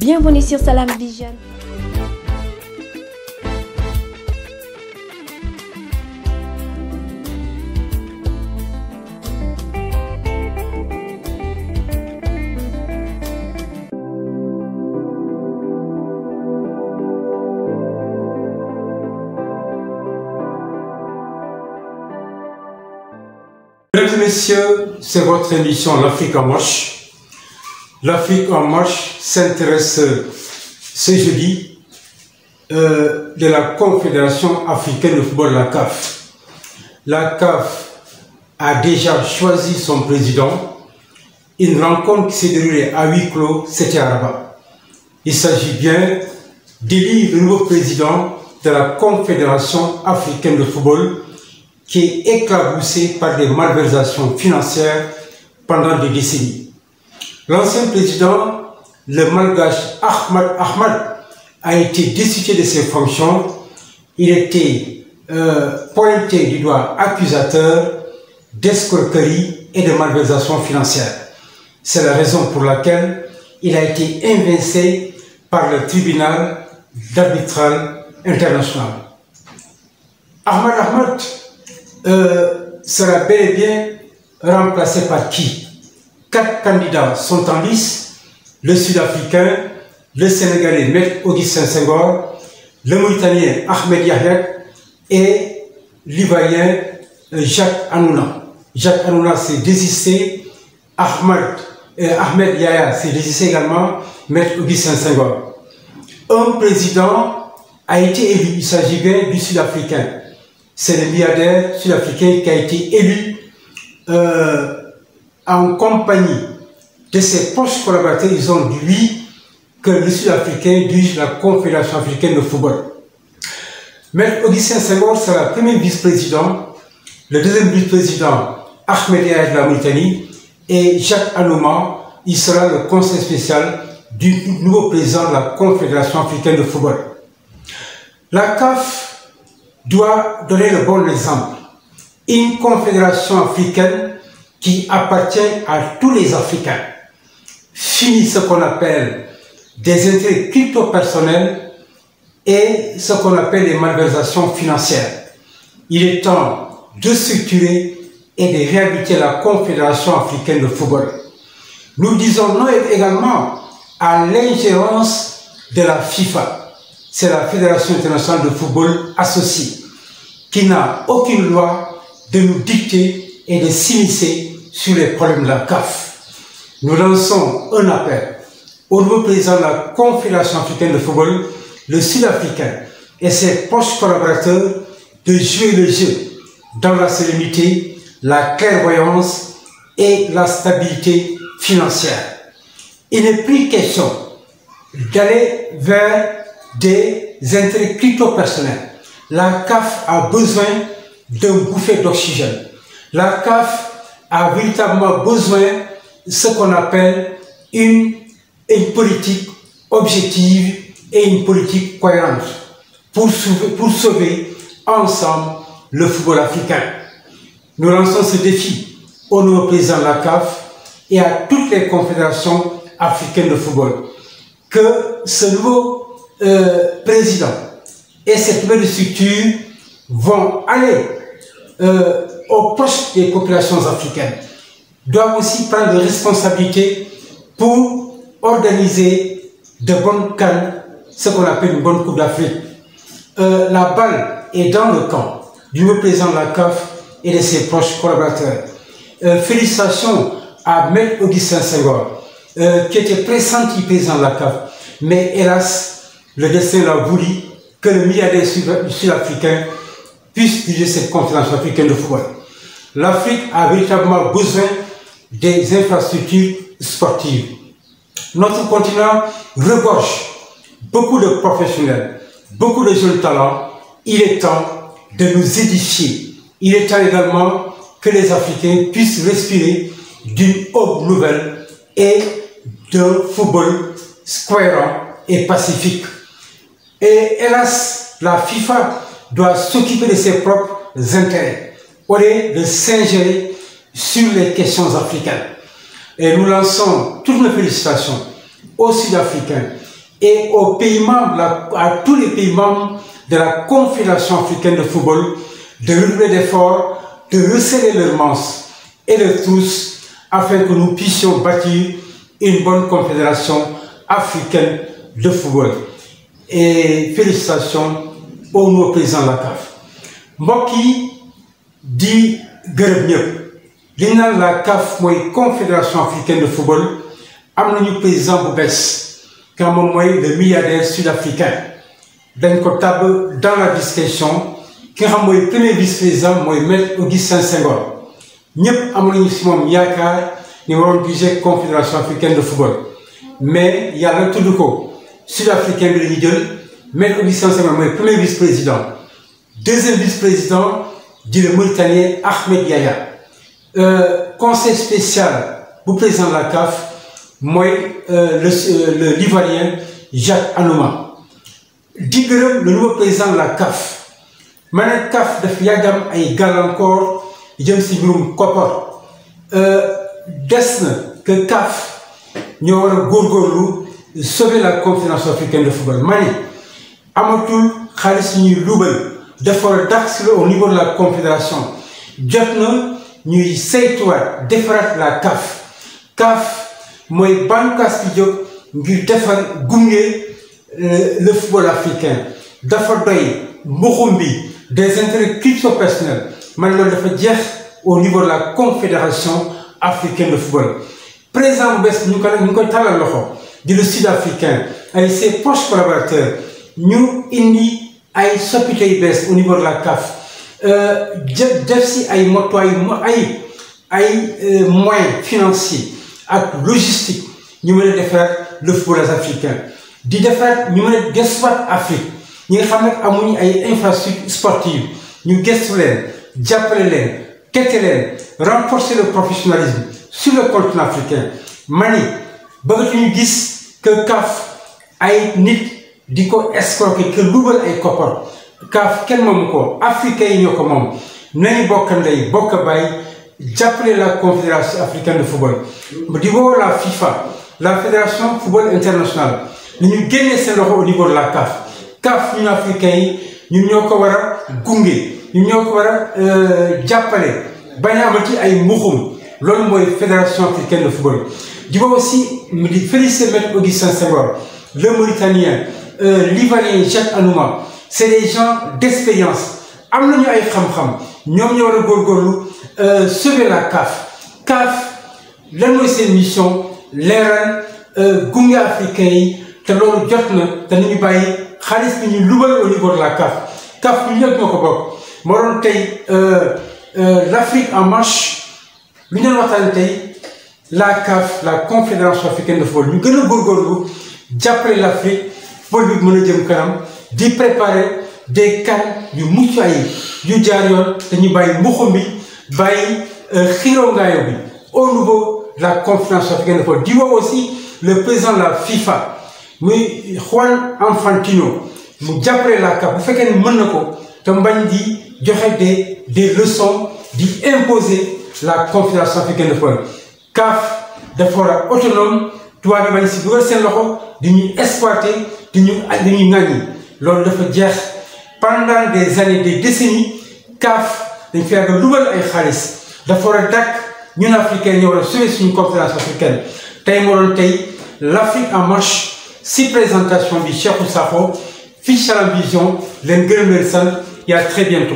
Bienvenue sur Salam Vision. Mesdames et messieurs, c'est votre émission L'Afrique en moche. L'Afrique en marche s'intéresse ce jeudi euh, de la Confédération africaine de football, la CAF. La CAF a déjà choisi son président. Une rencontre qui s'est déroulée à huis clos, c'était à Rabat. Il s'agit bien d'élire le nouveau président de la Confédération africaine de football qui est éclaboussée par des malversations financières pendant des décennies. L'ancien président, le malgache Ahmad Ahmad, a été destitué de ses fonctions. Il était euh, pointé du doigt accusateur d'escroquerie et de malversation financière. C'est la raison pour laquelle il a été invincé par le tribunal d'arbitral international. Ahmad Ahmad euh, sera bel et bien remplacé par qui Quatre candidats sont en lice, le Sud-Africain, le Sénégalais Maître Augustin Senghor, le Mauritanien Ahmed Yahyak et l'Ivoirien euh, Jacques Anouna. Jacques Anouna s'est désisté, euh, Ahmed, eh, s'est désisté également, Maître Augustin Senghor. Un président a été élu, il s'agit bien du Sud-Africain. C'est le milliardaire sud-africain qui a été élu euh, en compagnie de ses proches collaborateurs, ils ont dit oui que le Sud-Africain dirige la Confédération africaine de football. Maître Augustin Senghor sera premier vice-président, le deuxième vice-président Ahmed Yahya de la Mauritanie et Jacques Anouma, il sera le conseil spécial du nouveau président de la Confédération africaine de football. La CAF doit donner le bon exemple. Une confédération africaine qui appartient à tous les Africains. Fini ce qu'on appelle des intérêts crypto-personnels et ce qu'on appelle les malversations financières. Il est temps de structurer et de réhabiliter la Confédération africaine de football. Nous disons non également à l'ingérence de la FIFA. C'est la Fédération internationale de football associée qui n'a aucune loi de nous dicter et de s'immiscer sur les problèmes de la CAF. Nous lançons un appel au nouveau président la Confédération africaine de football, le Sud-Africain, et ses proches collaborateurs de jouer le jeu dans la sérénité, la clairvoyance et la stabilité financière. Il n'est plus question d'aller vers des intérêts crypto La CAF a besoin d'un bouffet d'oxygène. La a véritablement besoin de ce qu'on appelle une, politique objective et une politique cohérente pour sauver, pour sauver ensemble le football africain. Nous lançons ce défi au nouveau président la CAF et à toutes les confédérations africaines de football que ce nouveau euh, président et cette nouvelle structure vont aller euh, au proche des populations africaines, doivent aussi prendre responsabilité pour organiser de bonnes cannes, ce qu'on appelle une bonne Coupe d'Afrique. Euh, la balle est dans le camp du président de la CAF et de ses proches collaborateurs. Euh, félicitations à Maître Augustin Senghor, euh, qui était pressenti président de la CAF, mais hélas, le destin l'a voulu que le milliardaire sud-africain puisse juger cette conférence africaine de football. L'Afrique a véritablement besoin des infrastructures sportives. Notre continent regorge beaucoup de professionnels, beaucoup de jeunes talents. Il est temps de nous édifier. Il est temps également que les Africains puissent respirer d'une aube nouvelle et d'un football square et pacifique. Et hélas, la FIFA doit s'occuper de ses propres intérêts au lieu de s'ingérer sur les questions africaines. Et nous lançons toutes nos félicitations aux Sud-Africains et à tous les pays membres de la Confédération africaine de football de redoubler d'efforts, de resserrer leurs manches et de tous afin que nous puissions bâtir une bonne confédération africaine de football. Et félicitations au nom président de la mbokk yi di gërëm ñëpp li naan la CAF mooy confédération africaine de football am nañu président bu bees ka moom mooy le milliardaire sud-africain dañ ko tabb dans la discussion ki nga xam mooy premier vice-président mooy maître Augustin Senghor ñëpp am nañu si moom yaakaar ni waroon gisee confédération africaine de football mais yàlla tudd ko sud-africain bi la jël. maître Augustin Senghor mooy premier vice-président deuxième vice-président di le Mauritanien Ahmed Yahya euh, conseil spécial bu président la CAF mooy euh, le euh, le l'Ivoirien Jacques Anouma di gërëm le nouveau président la CAF ma ne CAF daf yàggam ay gàllankoor jëm si mbirum koppar des na que CAF ñoo war a góorgóorlu sauver la continent africaine de football ma amatul xaalis ñuy luubal dafa war a tax au niveau de la confédération jot na ñuy saytuwaat defaraat la CAF CAF mooy bànqaas bi jóg ngir defar gunge euh, le football africain dafa doy mbuxum bi des intérêts crypto-personnels man la dafa jeex au niveau de la confédération africaine de football président bu ñu ko ñu koy loxo di le sud africain ay ses proches collaborateurs ñu indi ay soppite yu au niveau de la CAF euh, jë def si ay motuwaay ay ay euh, moyens financiers ak logistique ñu mën a defar le football africain di defar ñu mën a gëstuwaat Afrique ñi nga xam ne amuñu ay infrastructures sportives ñu gëstu leen jàppale leen tette leen renforcer le professionnalisme sur le continent africain mani bëggatuñu gis que CAF ay nit. di ko escroquer ke luubal ay koppar kaaf kenn moomu ko africain yi ñoo ko moom nañu bokk ndey bokk bàyyi jàppale la confédération africaine de football la FIFA la fédération football internationale li ñu génnee seen loxo la CAF CAF ñun africain yi ñun ñoo ko war a gunge ñu ñoo ko war a euh, jàppale bañ mati ay muxum loolu mooy fédération africaine de football di woo aussi di féliciter maître Augustin Senghor le Mauritanien euh, Libanais Cheikh Anouma c'est des gens d'expérience am nañu ay xam-xam ñoom ñoo war a góorgóorlu euh, sauver la CAF CAF lan mooy seen mission leeral euh, gunge africain yi te loolu jot na te nañu bàyyi xaalis bi ñu lubal au niveau de la CAF CAF bu ñëpp ñoo ko bokk moo doon tey euh, l'Afrique en marche lu ñu doon waxtaane tey la CAF la confédération africaine de football ñu gën a góorgóorlu jàppale l'Afrique pôle bi mën a jëm kanam di préparer des CAN yu mucc ayib yu jaar yoon te ñu bàyyi mbuxum bi bàyyi euh, xiirongaayo bi au niveau la conférence africaine de di woo aussi le président de la FIFA muy Juan Infantino mu jàppale la CAF bu fekkee ne mën na ko te mbañ di joxe des des leçons di imposer la conférence africaine de football CAF dafa war a autonome tubaab yi bañ si dugal seen loxo di ñu exploiter di ñu nag ŋàññi loolu dafa jeex pendant des années des décennies CAF dañ fi yàgg dugal ay xaalis dafa war a dàkk ñun africain ñoo war a sauver suñu conférence africaine tey moo doon tey l'Afrique en marche si présentation bi Cheikhou Sakho fii Salam Vision leen gërëm leen sant y a très